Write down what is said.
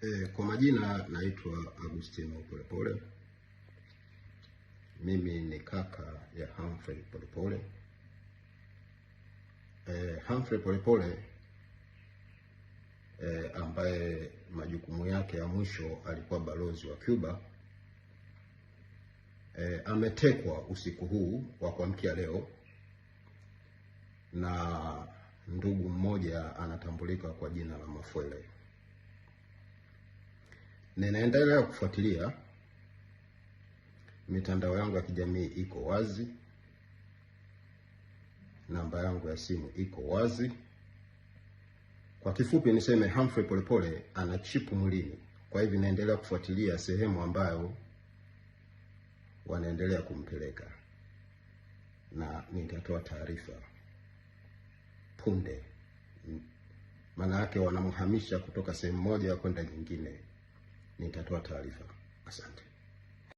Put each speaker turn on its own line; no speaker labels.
E, kwa majina naitwa Agustino Polepole. Mimi ni kaka ya Humphrey Polepole. E, Humphrey Polepole e, ambaye majukumu yake ya mwisho alikuwa balozi wa Cuba e, ametekwa usiku huu wa kuamkia leo na ndugu mmoja anatambulika kwa jina la Mafuele. Ninaendelea kufuatilia mitandao yangu ya kijamii iko wazi, namba yangu ya simu iko wazi. Kwa kifupi niseme Humphrey Polepole ana chipu mwilini. Kwa hivyo naendelea kufuatilia sehemu ambayo wanaendelea kumpeleka, na nitatoa taarifa punde. Maana yake wanamhamisha kutoka sehemu moja kwenda nyingine nitatoa taarifa. Asante.